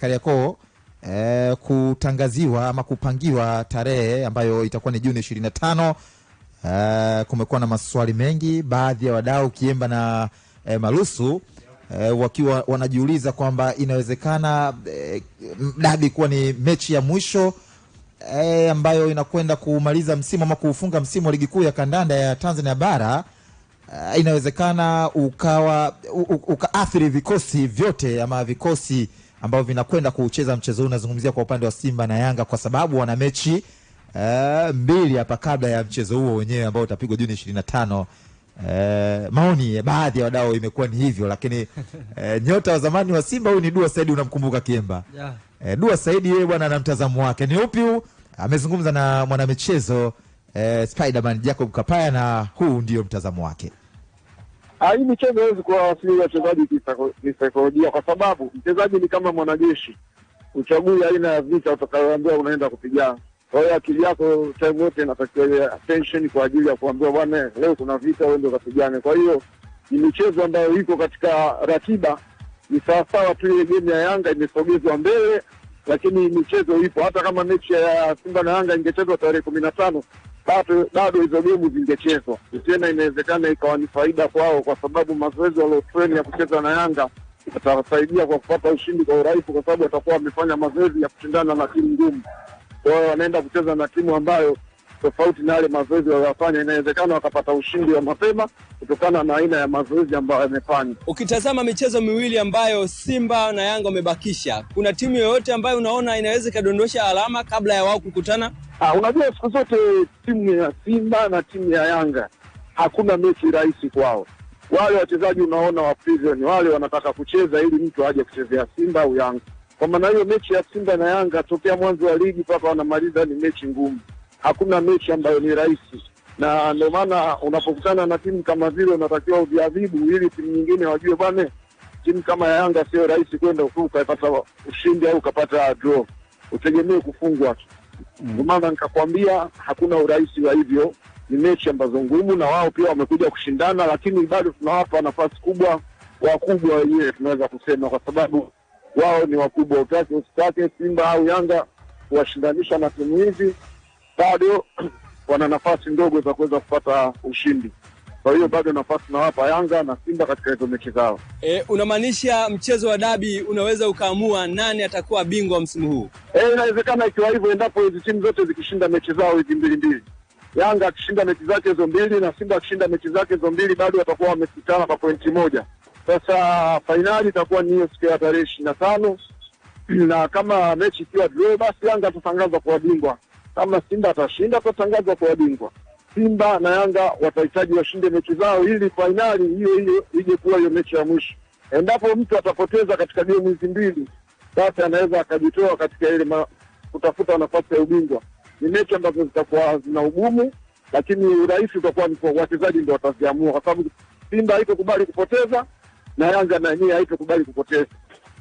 Kariakoo eh, kutangaziwa ama kupangiwa tarehe ambayo itakuwa ni Juni 25. Eh, kumekuwa na maswali mengi, baadhi ya wadau Kiemba na eh, Malusu eh, wakiwa wanajiuliza kwamba inawezekana eh, dabi kuwa ni mechi ya mwisho eh, ambayo inakwenda kumaliza msimu ama kuufunga msimu wa ligi kuu ya kandanda ya Tanzania bara. Uh, inawezekana ukawa ukaathiri vikosi vyote ama vikosi ambavyo vinakwenda kuucheza mchezo huu. Nazungumzia kwa upande wa Simba na Yanga kwa sababu wana mechi uh, mbili hapa kabla ya mchezo huo wenyewe ambao utapigwa Juni 25. Eh, Uh, maoni ya baadhi ya wadau imekuwa ni hivyo, lakini uh, nyota wa zamani wa Simba huyu ni Dua Saidi, unamkumbuka Kiemba? yeah. Uh, Dua Saidi yeye bwana ana mtazamo wake ni upi huu? Amezungumza na mwanamichezo uh, Spiderman Jacob Kapaya na huu ndio mtazamo wake. Ah, hii michezo haiwezi kuwawasilia wachezaji kisaikolojia, kwa sababu mchezaji ni kama mwanajeshi, uchagui aina ya vita utakayoambiwa unaenda kupigana. Kwa hiyo akili yako time yote inatakiwa attention kwa ajili ya kuambiwa, bwana, leo kuna vita, ndio ukapigane. Kwa hiyo ni michezo ambayo iko katika ratiba, ni sawasawa tu ile game ya Yanga imesogezwa mbele, lakini michezo ipo. Hata kama mechi ya Simba na Yanga ingechezwa tarehe kumi na tano bado bado hizo gemu zingechezwa tena, inawezekana ikawa ni faida kwao, kwa sababu mazoezi waliotreni ya kucheza na Yanga atasaidia kwa kupata ushindi kwa urahisi, kwa sababu watakuwa wamefanya mazoezi ya kushindana na timu ngumu. Kwa hiyo wanaenda kucheza na timu ambayo tofauti na yale mazoezi waliyofanya, inawezekana wakapata ushindi wa mapema kutokana na aina ya mazoezi ambayo yamefanya. Ukitazama michezo miwili ambayo Simba na Yanga wamebakisha, kuna timu yoyote ambayo unaona inaweza ikadondosha alama kabla ya wao kukutana? Ah, unajua siku zote timu ya Simba na timu ya Yanga hakuna mechi rahisi kwao. Wale wachezaji unaona wa prison wale wanataka kucheza ili mtu aje kuchezea Simba au Yanga. Kwa maana hiyo mechi ya Simba na Yanga tokea mwanzo wa ligi mpaka wanamaliza ni mechi ngumu hakuna mechi ambayo ni rahisi, na ndio maana unapokutana na timu kama vile unatakiwa ujiadhibu, ili timu nyingine wajue bwana, timu kama ya Yanga sio rahisi kwenda huko ukapata ushindi au ukapata draw, utegemee kufungwa tu. Ndio maana nikakwambia hakuna urahisi wa hivyo, ni mechi ambazo ngumu, na wao pia wamekuja kushindana, lakini bado tunawapa nafasi kubwa wakubwa wenyewe, tunaweza kusema kwa sababu wao ni wakubwa. Utake usitake, Simba au Yanga kuwashindanisha na timu hizi bado wana nafasi ndogo za kuweza kupata ushindi. Kwa hiyo bado nafasi nawapa Yanga na Simba katika hizo mechi zao. E, unamaanisha mchezo wa dabi unaweza ukaamua nani atakuwa bingwa msimu huu? E, inawezekana ikiwa hivyo, endapo hizi timu zote zikishinda mechi zao hizi mbili mbili, Yanga akishinda mechi zake hizo mbili na Simba akishinda mechi zake hizo mbili, bado watakuwa wamesitana kwa pointi moja. Sasa fainali itakuwa ni hiyo siku ya tarehe ishirini na tano na kama mechi ikiwa draw, basi Yanga atatangazwa kuwa bingwa kama Simba atashinda atatangazwa kwa bingwa. Simba na Yanga watahitaji washinde mechi zao ili fainali hiyo hiyo ije kuwa hiyo mechi ya mwisho. Endapo mtu atapoteza katika gemu hizi mbili, basi anaweza akajitoa katika ile kutafuta nafasi ya ubingwa. Ni mechi ambazo zitakuwa zina ugumu, lakini urahisi utakuwa ni kwa wachezaji ndio wataziamua, kwa sababu Simba haitokubali kupoteza na Yanga na yeye haitokubali kupoteza.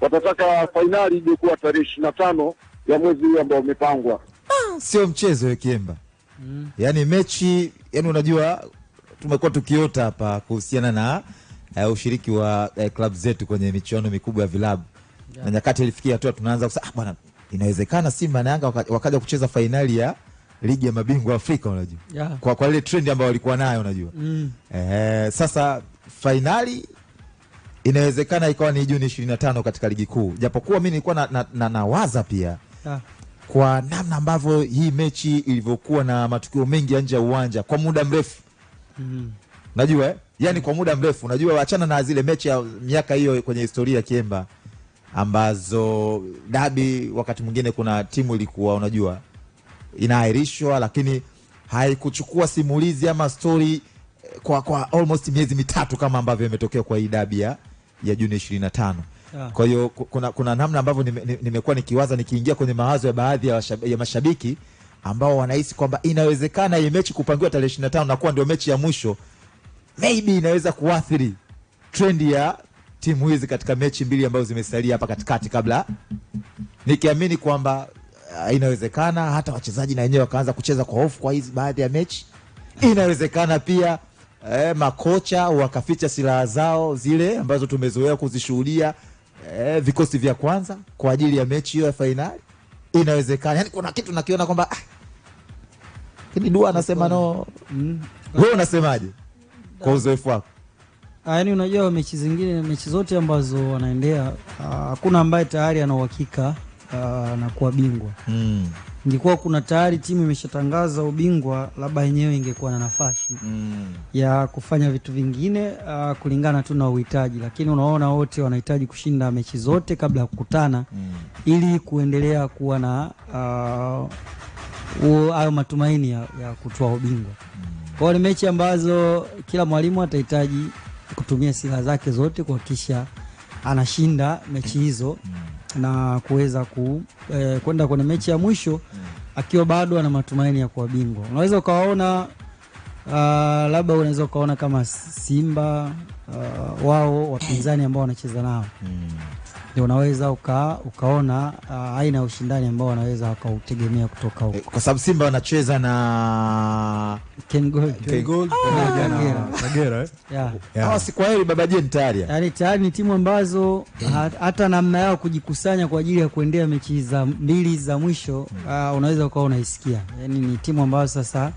Watataka fainali ije kuwa tarehe ishirini na tano ya mwezi huu ambao umepangwa. Ah, sio mchezo Kiemba. Mm. Yaani mechi, yani unajua tumekuwa tukiota hapa kuhusiana na uh, ushiriki wa uh, eh, klabu zetu kwenye michuano mikubwa ya vilabu. Yeah. Na nyakati ilifikia hatua tunaanza kusema ah, bwana inawezekana Simba na Yanga wakaja waka kucheza fainali ya ligi ya mabingwa Afrika unajua. Yeah. Kwa kwa ile trend ambayo walikuwa nayo unajua. Mm. Eh, sasa fainali inawezekana ikawa ni Juni 25 katika ligi kuu. Japokuwa mimi nilikuwa na, na, na, na waza pia. Yeah kwa namna ambavyo hii mechi ilivyokuwa na matukio mengi ya nje ya uwanja kwa muda mrefu mm. Mm-hmm. najua eh? yani kwa muda mrefu unajua, wachana na zile mechi ya miaka hiyo kwenye historia Kiemba ambazo dabi wakati mwingine kuna timu ilikuwa unajua inaahirishwa, lakini haikuchukua simulizi ama stori eh, kwa, kwa almost miezi mitatu kama ambavyo imetokea kwa hii dabi ya Juni 25. Ah. Kwa hiyo kuna, kuna namna ambavyo nimekuwa nime nikiwaza nikiingia kwenye mawazo ya baadhi ya, ya mashabiki ambao wanahisi kwamba inawezekana hii mechi kupangiwa tarehe 25 na kuwa ndio mechi ya mwisho, maybe inaweza kuathiri trendi ya timu hizi katika mechi mbili ambazo zimesalia hapa katikati, kabla nikiamini kwamba uh, inawezekana hata wachezaji na wenyewe wakaanza kucheza kwa hofu kwa hizi baadhi ya mechi. Inawezekana pia eh, makocha wakaficha silaha zao zile ambazo tumezoea kuzishuhudia eh, vikosi vya kwanza kwa ajili ya mechi hiyo ya fainali. Inawezekana, yani kuna kitu nakiona kwamba ah, Dua anasema no. Mm. Wewe unasemaje kwa uzoefu wako? Ah, yani unajua mechi zingine, mechi zote ambazo wanaendea ah, hakuna ambaye tayari ana uhakika ah, kuwa bingwa mm ingekuwa kuna tayari timu imeshatangaza ubingwa, labda yenyewe ingekuwa na nafasi mm. ya kufanya vitu vingine uh, kulingana tu na uhitaji, lakini unaona wote wanahitaji kushinda mechi zote kabla ya kukutana mm. ili kuendelea kuwa na ah, hayo uh, matumaini ya, ya kutoa ubingwa mm. kwao ni mechi ambazo kila mwalimu atahitaji kutumia silaha zake zote kuhakikisha anashinda mechi hizo mm na kuweza ku, eh, kwenda kwenye mechi ya mwisho akiwa bado ana matumaini ya kuwa bingwa. Unaweza ukawaona uh, labda unaweza ukaona kama Simba uh, wao wapinzani ambao wanacheza nao mm unaweza uka, ukaona uh, ah, aina ya ushindani ambao wanaweza wakautegemea kutoka huko, eh, kwa sababu Simba wanacheza na hawa si kwaheri je tayari, yani tayari ni timu ambazo eh. hata namna yao kujikusanya kwa ajili ya kuendea mechi za mbili za mwisho uh, unaweza ukaona isikia yani ni timu ambazo sasa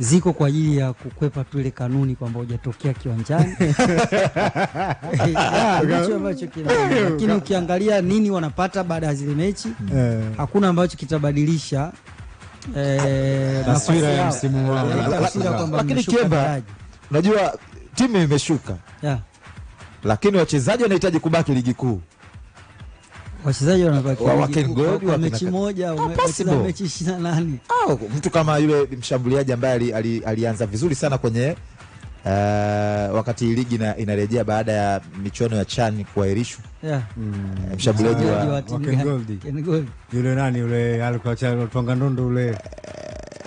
ziko kwa ajili ya kukwepa tu ile kanuni kwamba hujatokea kiwanjani ah, ambacho lakini ukiangalia nini wanapata baada ya zile mechi eh. hakuna ambacho kitabadilisha eh, taswira ya msimu eh, lakini Kemba, unajua timu imeshuka, lakini wachezaji wanahitaji kubaki ligi kuu wachezaji wanabaki kwa mechi moja au ah, mechi 28. Au ah, mtu kama yule mshambuliaji ambaye ali, alianza vizuri sana kwenye uh, wakati ligi na, inarejea baada ya michuano ya chani kuahirishwa yeah. mm. mshambuliaji wa Ken Gold yule nani yule alikuwa tonga ndondo yule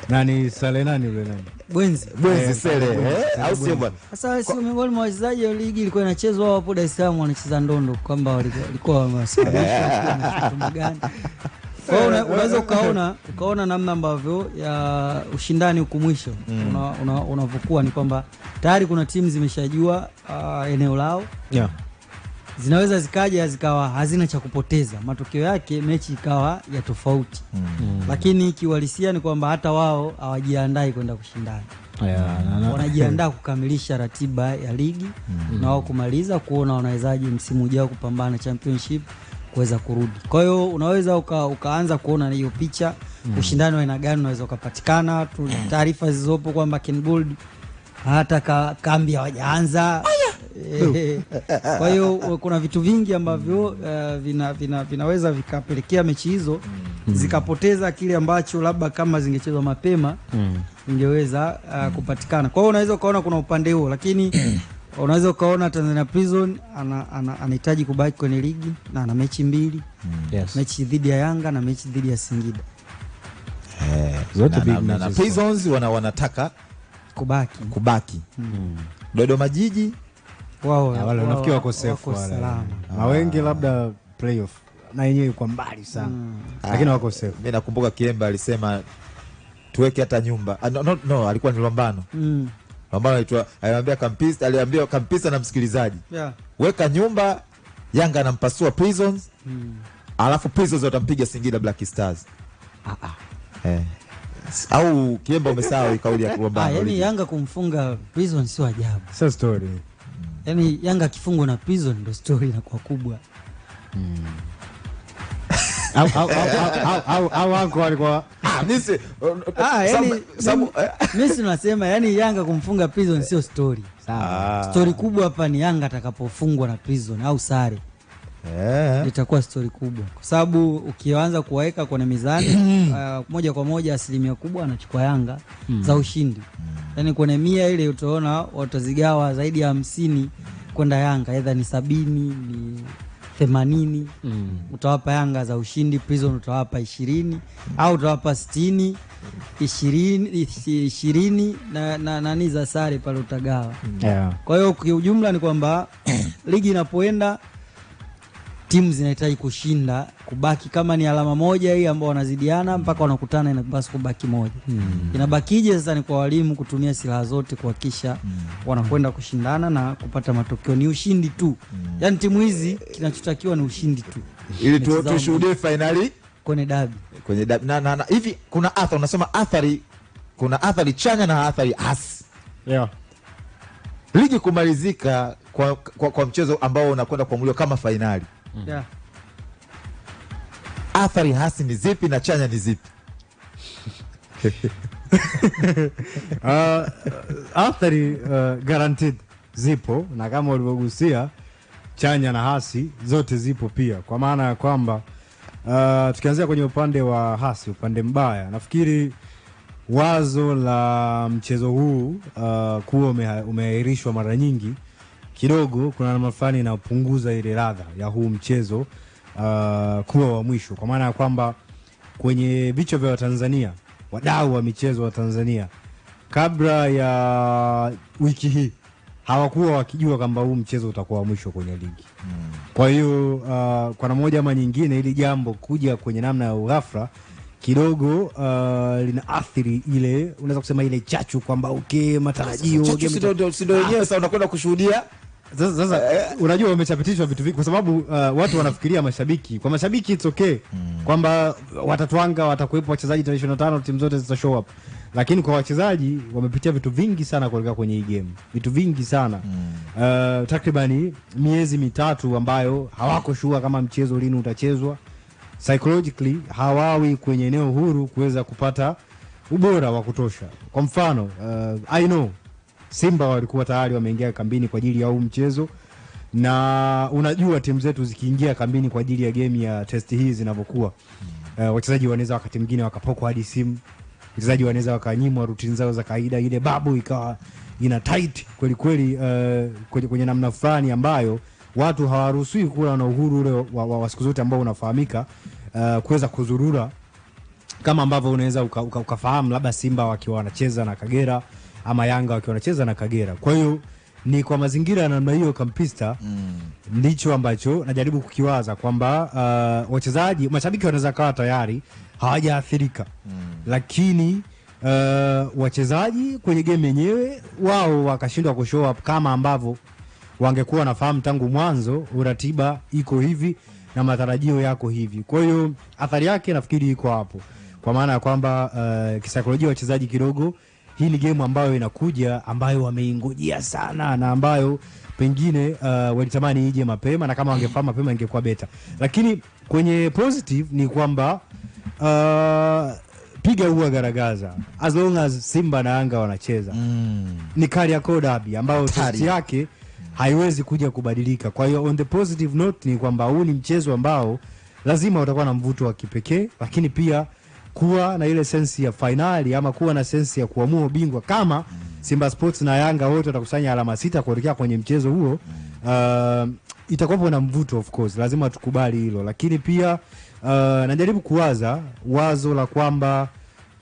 nani sale nani yule nani Bwenzi Bwenzi eh? au sio bwana? Sasa miongoni mwa wachezaji wa ligi ilikuwa inachezwa hapo Dar es Salaam, wanacheza ndondo, kwamba walikuwa wanasema gani unaweza ukaona ukaona namna ambavyo ya ushindani huku mwisho mm. unavyokuwa una, una ni kwamba tayari kuna timu zimeshajua uh, eneo lao yeah zinaweza zikaja zikawa hazina cha kupoteza, matokeo yake mechi ikawa ya tofauti mm. mm. Lakini kiuhalisia ni kwamba hata wao hawajiandai kwenda kushindana yeah, wanajiandaa kukamilisha ratiba ya ligi mm. na wao kumaliza kuona wanawezaje msimu ujao kupambana championship kuweza kurudi. Kwa hiyo unaweza uka, ukaanza kuona hiyo picha mm. ushindani wa aina gani unaweza ukapatikana. Taarifa zilizopo kwamba Kengold hata ka, kambi hawajaanza Eh, kwa hiyo eh, kuna vitu vingi ambavyo uh, vina, vina, vinaweza vikapelekea mechi hizo mm. zikapoteza kile ambacho labda kama zingechezwa mapema mm. ingeweza uh, kupatikana. Kwa hiyo unaweza ukaona kuna upande huo, lakini unaweza ukaona Tanzania Prison anahitaji kubaki kwenye ligi na ana mechi mbili mm. yes. mechi dhidi ya Yanga na mechi dhidi ya Singida eh, zote na, na, na Prisons wana, wanataka kubaki kubaki mm. Dodoma Jiji wao wale unafikiri wako safe wale na wengi labda playoff na yenyewe kwa mbali sana mm. lakini wako safe. Mimi nakumbuka Kiemba alisema tuweke hata nyumba uh, no, no, no, alikuwa ni Lombano mm. Lombano alitua, aliambia kampisa, aliambia kampisa na msikilizaji yeah. weka nyumba Yanga anampasua Prisons mm. alafu Prisons watampiga Singida Black Stars ah, ah. Eh. au Kiemba umesahau kauli ya Lwambano ah, yani Yanga kumfunga Prisons sio ajabu. Sio story yani Yanga akifungwa na prison ndo stori inakuwa kubwa misi nasema yani Yanga kumfunga prison sio stori sawa. Ah. Stori kubwa hapa ni Yanga atakapofungwa na prison au sare yeah. Itakuwa stori kubwa kwa sababu ukianza kuwaweka kwenye mizani uh, moja kwa moja asilimia kubwa anachukua Yanga mm. za ushindi mm. yaani kwenye mia ile utaona watazigawa zaidi ya hamsini kwenda Yanga, edha ni sabini ni themanini mm. utawapa Yanga za ushindi. Prison utawapa ishirini mm. au utawapa stini ishirini na, na nani za sare pale utagawa yeah. Kwa hiyo kiujumla ni kwamba ligi inapoenda timu zinahitaji kushinda kubaki kama ni alama moja hii ambao wanazidiana mpaka wanakutana, inabasi kubaki moja hmm. Inabakije sasa ni kwa walimu kutumia silaha zote kuhakikisha hmm. wanakwenda kushindana na kupata matokeo, ni ushindi tu hmm. Yaani timu hizi kinachotakiwa ni ushindi tu ili tushuhudie fainali kwenye dabi kwenye dabi na, na, na, hivi kuna athari unasema athari, kuna athari chanya na athari hasi yeah. Ligi kumalizika kwa, kwa, kwa mchezo ambao unakwenda kuamuliwa kama fainali Mm. yeah. Athari hasi ni zipi na chanya ni zipi? Uh, athari uh, guaranteed zipo, na kama ulivyogusia chanya na hasi zote zipo pia, kwa maana ya kwamba uh, tukianzia kwenye upande wa hasi, upande mbaya, nafikiri wazo la mchezo huu uh, kuwa umeahirishwa mara nyingi kidogo kuna namna fulani inapunguza ile ladha ya huu mchezo uh, kuwa wa mwisho, kwa maana ya kwamba kwenye vichwa vya Watanzania, wadau wa michezo wa Tanzania, kabla ya wiki hii hawakuwa wakijua kwamba huu mchezo utakuwa wa mwisho kwenye ligi hmm. Kwa hiyo uh, kwa namna moja ama nyingine, ili jambo kuja kwenye namna ya ughafla kidogo uh, athiri ile unaweza kusema ile chachu kwamba okay, matarajio sasa ah. unakwenda kushuhudia sasa, sasa eh, eh. unajua wamechapitishwa vitu vingi kwa sababu uh, watu wanafikiria mashabiki. Kwa mashabiki it's okay hmm. kwamba watatwanga, watakuwepo wachezaji tarehe 25 timu zote zita show up, lakini kwa wachezaji wamepitia vitu vingi sana kuelekea kwenye hii game, vitu vingi sana mm. uh, takribani miezi mitatu ambayo hawako shua kama mchezo lini utachezwa, psychologically hawawi kwenye eneo huru kuweza kupata ubora wa kutosha. Kwa mfano uh, I know Simba walikuwa tayari wameingia kambini kwa ajili ya huu mchezo, na unajua timu zetu zikiingia kambini kwa ajili ya game ya testi hii zinavyokuwa, uh, wachezaji wanaweza wakati mwingine wakapokwa hadi simu, wachezaji wanaweza wakanyimwa rutini zao za kawaida, ile babu ikawa ina tight kweli kweli, uh, kwenye, kwenye namna fulani ambayo watu hawaruhusiwi kuwa na uhuru ule wa, wa, wa siku zote ambao unafahamika uh, kuweza kuzurura kama ambavyo unaweza ukafahamu uka, uka labda Simba wakiwa wanacheza na Kagera ama Yanga wakiwa wanacheza na Kagera. Kwa hiyo ni kwa mazingira ya namna hiyo kampista, mm. ndicho mm. ambacho najaribu kukiwaza kwamba uh, wachezaji, mashabiki wanaweza kawa tayari hawajaathirika mm. lakini uh, wachezaji kwenye game yenyewe wao wakashindwa kushow up kama ambavyo wangekuwa wanafahamu tangu mwanzo, uratiba iko hivi na matarajio yako hivi. Kwa hiyo athari yake nafikiri iko hapo, kwa maana ya kwamba uh, kisaikolojia wachezaji kidogo hii ni game ambayo inakuja ambayo wameingojia sana na ambayo pengine uh, walitamani ije mapema na kama wangefahamu mapema ingekuwa beta, lakini kwenye positive ni kwamba uh, piga huwa garagaza as long as Simba na Yanga wanacheza mm. Ni Kariakoo derby ambayo testi yake haiwezi kuja kubadilika. Kwa hiyo on the positive note ni kwamba huu ni mchezo ambao lazima utakuwa na mvuto wa kipekee, lakini pia kuwa na ile sensi ya fainali ama kuwa na sensi ya kuamua ubingwa kama Simba Sports na Yanga wote watakusanya alama sita kuelekea kwenye mchezo huo. Uh, itakuwapo na mvuto of course, lazima tukubali hilo, lakini pia uh, najaribu kuwaza wazo la kwamba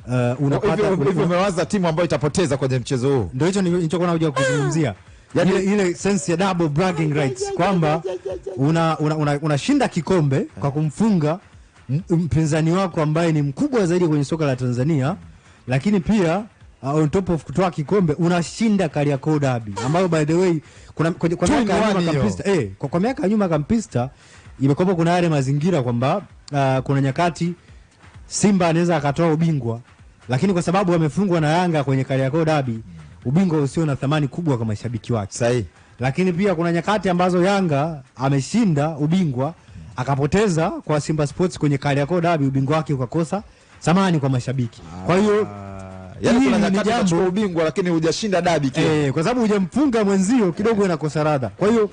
uh, unapata hivyo, umewaza timu ambayo itapoteza kwenye mchezo huo, ndio hicho nilichokuwa nakuja kuzungumzia yani, ile, ile sense ya double bragging rights kwamba unashinda una, una, una kikombe kwa kumfunga mpinzani wako ambaye ni mkubwa zaidi kwenye soka la Tanzania, lakini pia uh, on top of kutoa kikombe unashinda Kariakoo Derby ambayo by the way kuna, kwa, kwa miaka ya nyuma Kampista, eh, kwa, kwa miaka ya nyuma Kampista imekuwa kuna yale mazingira kwamba uh, kuna nyakati Simba anaweza akatoa ubingwa lakini kwa sababu wamefungwa na Yanga kwenye Kariakoo Derby, ubingwa usio na thamani kubwa kwa mashabiki wake. Sahihi. Lakini pia kuna nyakati ambazo Yanga ameshinda ubingwa akapoteza kwa Simba Sports kwenye Kariakoo Derby, ubingwa wake ukakosa samani kwa mashabiki. Kwa hiyo ah, yani, kuna nyakati unachukua ubingwa lakini hujashinda dabi kile. Eh, kwa sababu hujamfunga mwenzio kidogo eh. inakosa radha. Kwa hiyo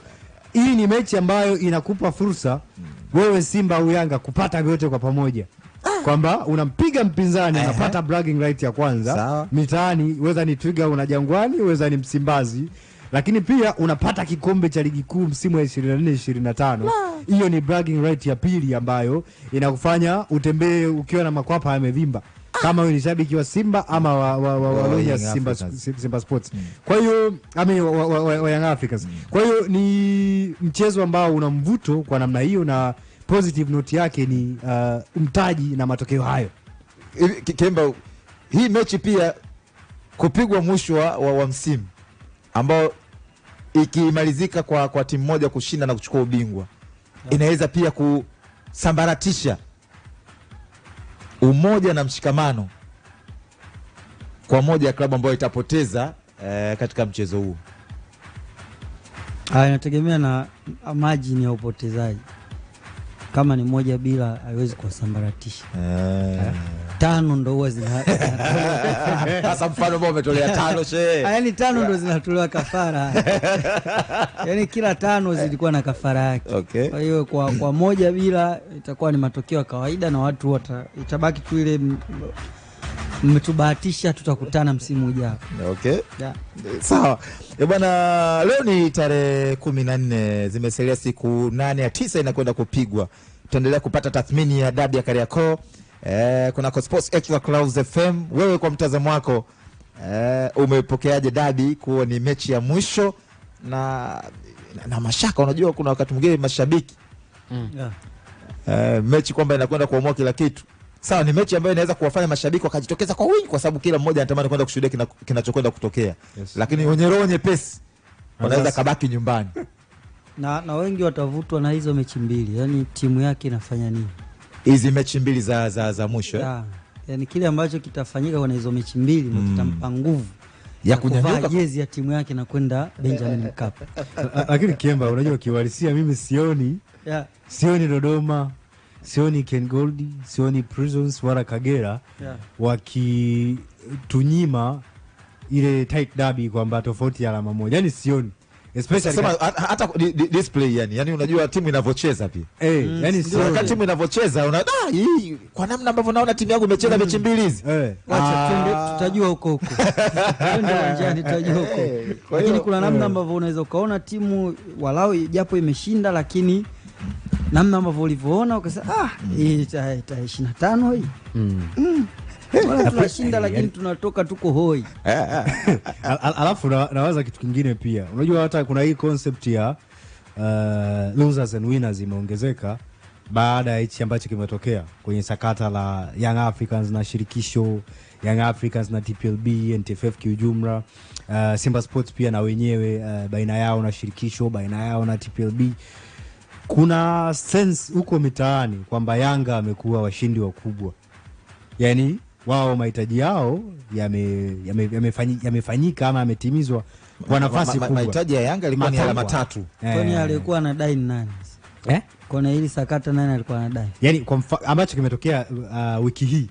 hii ni mechi ambayo inakupa fursa hmm. wewe Simba au Yanga kupata vyote kwa pamoja ah. kwamba unampiga mpinzani unapata bragging right ya kwanza mitaani, weza ni Twiga una Jangwani, weza ni Msimbazi lakini pia unapata kikombe cha ligi kuu msimu wa 24 25. Hiyo ni bragging right ya pili ambayo inakufanya utembee ukiwa na makwapa yamevimba ah. kama wewe ni shabiki wa Simba ama wa, wa, wa, wa, wa Simba, Simba, Simba Sports. Mm. Kwa hiyo ami wa, wa, wa, wa Young Africans. Mm. Kwa hiyo ni mchezo ambao una mvuto kwa namna hiyo na positive note yake ni uh, mtaji na matokeo hayo. Kemba, hii mechi pia kupigwa mwisho wa, wa msimu ambao ikimalizika kwa, kwa timu moja kushinda na kuchukua ubingwa yeah, inaweza pia kusambaratisha umoja na mshikamano kwa moja ya klabu ambayo itapoteza eh, katika mchezo huu. Haya, inategemea na majini ya upotezaji. Kama ni moja bila, haiwezi kuwasambaratisha eh. eh tano ndo huwa zina sasa mfano ambao umetolea tano yaani tano ndo zinatolewa kafara yaani kila tano zilikuwa na kafara yake. Okay. Kwa hiyo kwa, kwa moja bila itakuwa ni matokeo ya kawaida na watu wata, itabaki tu ile mmetubahatisha tutakutana msimu ujao. Okay. Sawa. E bwana, leo ni tarehe kumi na nne, zimesalia siku nane ya tisa inakwenda kupigwa. Tutaendelea kupata tathmini ya dabi ya Kariakoo eh, kuna Sports Extra Clouds FM. Wewe kwa mtazamo wako eh, umepokeaje dabi kuwa ni mechi ya mwisho na, na, na mashaka? Unajua kuna wakati mwingine mashabiki mm. yeah. Eh, mechi kwamba inakwenda kuamua kila kitu sawa. Ni mechi ambayo inaweza kuwafanya mashabiki wakajitokeza kwa wingi, kwa sababu kila mmoja anatamani kwenda kushuhudia kinachokwenda kina, kutokea yes. lakini wenye roho nyepesi wanaweza kabaki nyumbani na, na wengi watavutwa na hizo mechi mbili, yani timu yake inafanya nini hizi mechi mbili za, za, za mwisho yeah. Yani kile ambacho kitafanyika kwenye hizo mechi mbili mm. kitampa nguvu ya kunyanyuka jezi ya timu yake na kwenda Benjamin Mkapa. Lakini kemba unajua kiuhalisia, mimi sioni yeah. sioni Dodoma, sioni Ken Gold, sioni Prisons wala Kagera yeah. wakitunyima ile tight derby kwamba tofauti ya alama moja, yani sioni especially hata display yani, yani unajua timu inavyocheza pia eh, mm. yani sio wakati timu inavyocheza una ah, hii kwa namna ambavyo naona timu yangu imecheza mm. mechi mbili hizi eh, acha ah. twende, tutajua huko huko twende uwanjani, tutajua huko eh, lakini kuna namna eh. ambavyo unaweza ukaona timu walao japo imeshinda lakini namna ambavyo ulivyoona ukasema ah, hii ta, ta 25 hii mm. mm tunashinda lakini tunatoka tuko hoi. Eh, eh. alafu nawaza kitu kingine pia, unajua hata kuna hii concept ya uh, losers and winners imeongezeka baada ya hichi ambacho kimetokea kwenye sakata la Young Africans na shirikisho Young Africans na TPLB NTFF kiujumla, uh, Simba Sports pia na wenyewe uh, baina yao na shirikisho baina yao na TPLB kuna sense huko mitaani kwamba Yanga amekuwa washindi wakubwa, yani wao mahitaji yao yamefanyika yame, yame yame ama yametimizwa kwa nafasi kubwa. Mahitaji ya Yanga ilikuwa ni alama tatu. Kwani alikuwa anadai nani? Eh? Kona hili sakata nani alikuwa anadai? Yaani kwa ambacho kimetokea uh, wiki hii.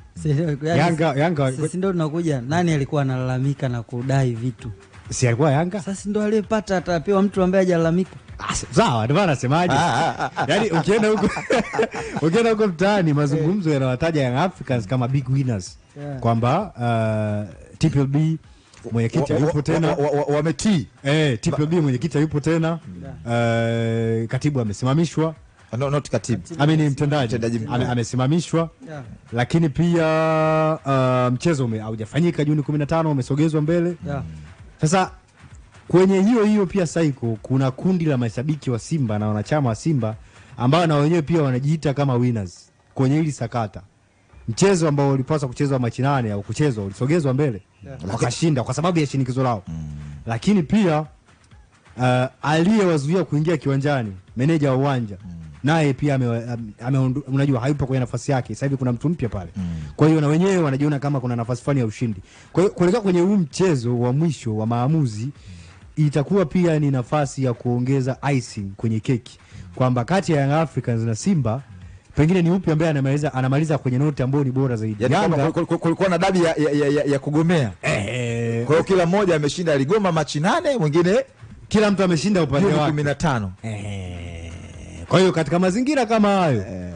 Yaani, Yanga Yanga sisi ndio tunakuja. Nani alikuwa analalamika na kudai vitu? Si alikuwa Yanga? Sasa ndio aliyepata atapewa mtu ambaye hajalalamika. Ah, sawa, ndio maana nasemaje? Ah, ah, yaani ukienda huko ukienda huko mtaani mazungumzo yanawataja Young Africans kama big winners kwamba uh, TPLB eh, mwenyekiti hayupo tena, wametii eh, TPLB mwenyekiti hayupo tena, katibu amesimamishwa uh, no, not katibu, mtendaji amesimamishwa yeah. Lakini pia uh, mchezo haujafanyika Juni 15 umesogezwa mbele yeah. Sasa kwenye hiyo hiyo pia saiko kuna kundi la mashabiki wa Simba na wanachama wa Simba ambao na wenyewe pia wanajiita kama winners kwenye hili sakata mchezo ambao ulipaswa kuchezwa Machi nane au kuchezwa ulisogezwa mbele yeah. Wakashinda kwa sababu ya shinikizo lao mm. Lakini pia uh, aliyewazuia kuingia kiwanjani, meneja wa uwanja mm. naye pia ame, ame, unajua hayupo kwenye nafasi yake. Sasa hivi kuna mtu mpya pale mm. Kwa hiyo na wenyewe wanajiona kama kuna nafasi fulani ya ushindi. Kwa hiyo kuelekea kwenye huu mchezo wa mwisho wa maamuzi itakuwa pia ni nafasi ya kuongeza icing kwenye keki kwamba kati ya Young Africans na Simba pengine ni upi ambaye anamaliza anamaliza kwenye noti ambayo ni bora zaidi? Yaani Yanga kulikuwa na dabi ya, ya, ya, ya, ya kugomea eh, kwa hiyo kila mmoja ameshinda, aligoma machi nane, mwingine kila mtu ameshinda upande wake kumi na tano. Eh, kwa hiyo katika mazingira kama hayo eh,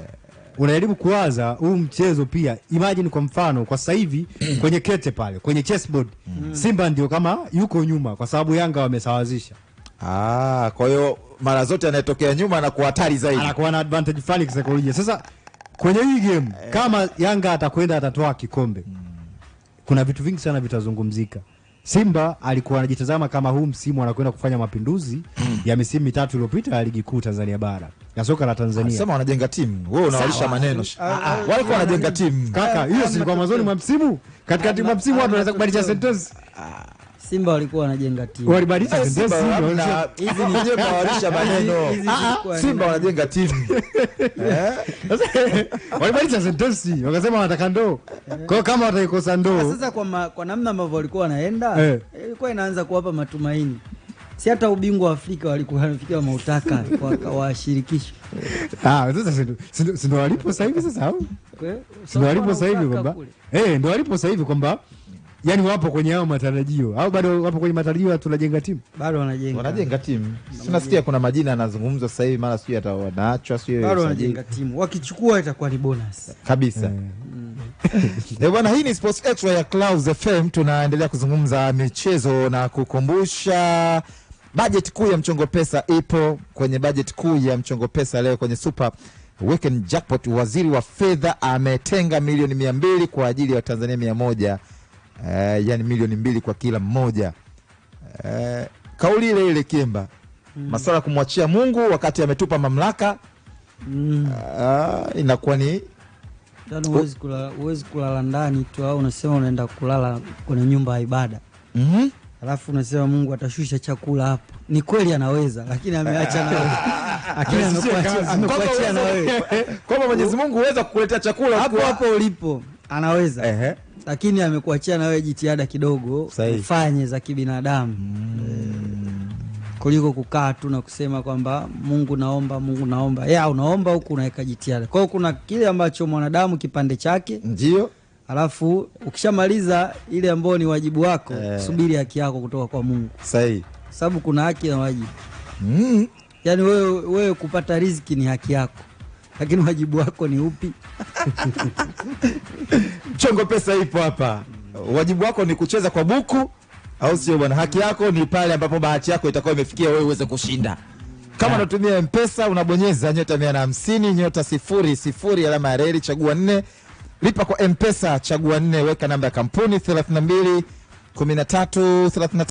unajaribu kuwaza huu mchezo pia. Imagine kwa mfano kwa sasa hivi mm. kwenye kete pale kwenye chessboard mm, Simba ndio kama yuko nyuma kwa sababu Yanga wamesawazisha. Ah, kwa hiyo mara zote anayetokea nyuma anakuwa hatari zaidi, anakuwa na advantage fulani kisaikolojia. Sasa kwenye hii game eh, kama Yanga atakwenda atatoa kikombe mm, kuna vitu vingi sana vitazungumzika. Simba alikuwa anajitazama kama huu msimu anakwenda kufanya mapinduzi mm, ya misimu mitatu iliyopita ya ligi kuu Tanzania bara ya soka la Tanzania. Anasema wanajenga timu, wewe unawalisha maneno. Ah, ah, ah, Walikuwa wanajenga timu kaka, hiyo si kwa mwanzoni mwa msimu, katikati mwa msimu watu wanaweza kubadilisha sentence Simba walikuwa wanajenga timu. Walibadilisha ah, hizi ni je bawalisha maneno. Simba wanajenga timu. Eh? Walibadilisha sentensi, wakasema wanataka ndoo. Kwa hiyo kama wataikosa ndoo. Ah, sasa kwa ma, kwa namna ambavyo walikuwa wanaenda, eh. ilikuwa inaanza kuwapa matumaini. Si hata ubingwa wa Afrika walikuwa wanafikia mautaka kwa washirikisho. Ah, sasa sindo ndio walipo sasa hivi sasa au? Eh? Ndio walipo sasa hivi kwamba eh, ndio walipo sasa hivi kwamba yani wapo kwenye hao matarajio au bado wapo kwenye matarajio? Tunajenga timu bado, wanajenga wanajenga timu. Sinasikia kuna majina yanazungumzwa sasa hivi, mara sijui atawanachwa, sijui bado wanajenga timu. Wakichukua itakuwa ni bonus kabisa. E bwana, hii ni Sports Extra ya Clouds FM. Tunaendelea kuzungumza michezo na kukumbusha bajeti kuu ya mchongo pesa ipo kwenye bajeti kuu ya mchongo pesa leo kwenye super weekend jackpot, waziri wa fedha ametenga milioni mia mbili kwa ajili ya Tanzania mia moja eh, yani milioni mbili kwa kila mmoja eh, kauli ile ile Kemba mm. Masuala kumwachia Mungu wakati ametupa mamlaka mm. Ah, inakuwa ni yaani huwezi kulala ndani tu au unasema unaenda kulala kwenye nyumba ya ibada mm -hmm. Alafu unasema Mungu atashusha chakula hapo. Ni kweli anaweza, lakini ameacha na wewe. Lakini amekuachia na wewe. Kwa Mwenyezi Mungu uweza kukuletea chakula hapo hapo ulipo. Anaweza. Ehe lakini amekuachia na wewe jitihada kidogo ufanye za kibinadamu mm. kuliko kukaa tu na kusema kwamba Mungu naomba, Mungu naomba. Ya, unaomba huku unaweka jitihada. Kwa kuna kile ambacho mwanadamu kipande chake ndio alafu ukishamaliza ile ambayo ni wajibu wako eh, subiri haki yako kutoka kwa Mungu sahihi, sababu kuna haki na wajibu mm. Yani wewe, wewe kupata riziki ni haki yako, lakini wajibu wako ni upi? mchongo pesa ipo hapa. Wajibu wako ni kucheza kwa buku, au sio bwana? Haki yako ni pale ambapo bahati yako itakuwa imefikia wewe uweze kushinda. Kama unatumia Mpesa unabonyeza nyota mia na hamsini nyota sifuri sifuri alama ya reli chagua nne lipa kwa Mpesa chagua nne weka namba ya kampuni thelathini na mbili kumi na tatu thelathini na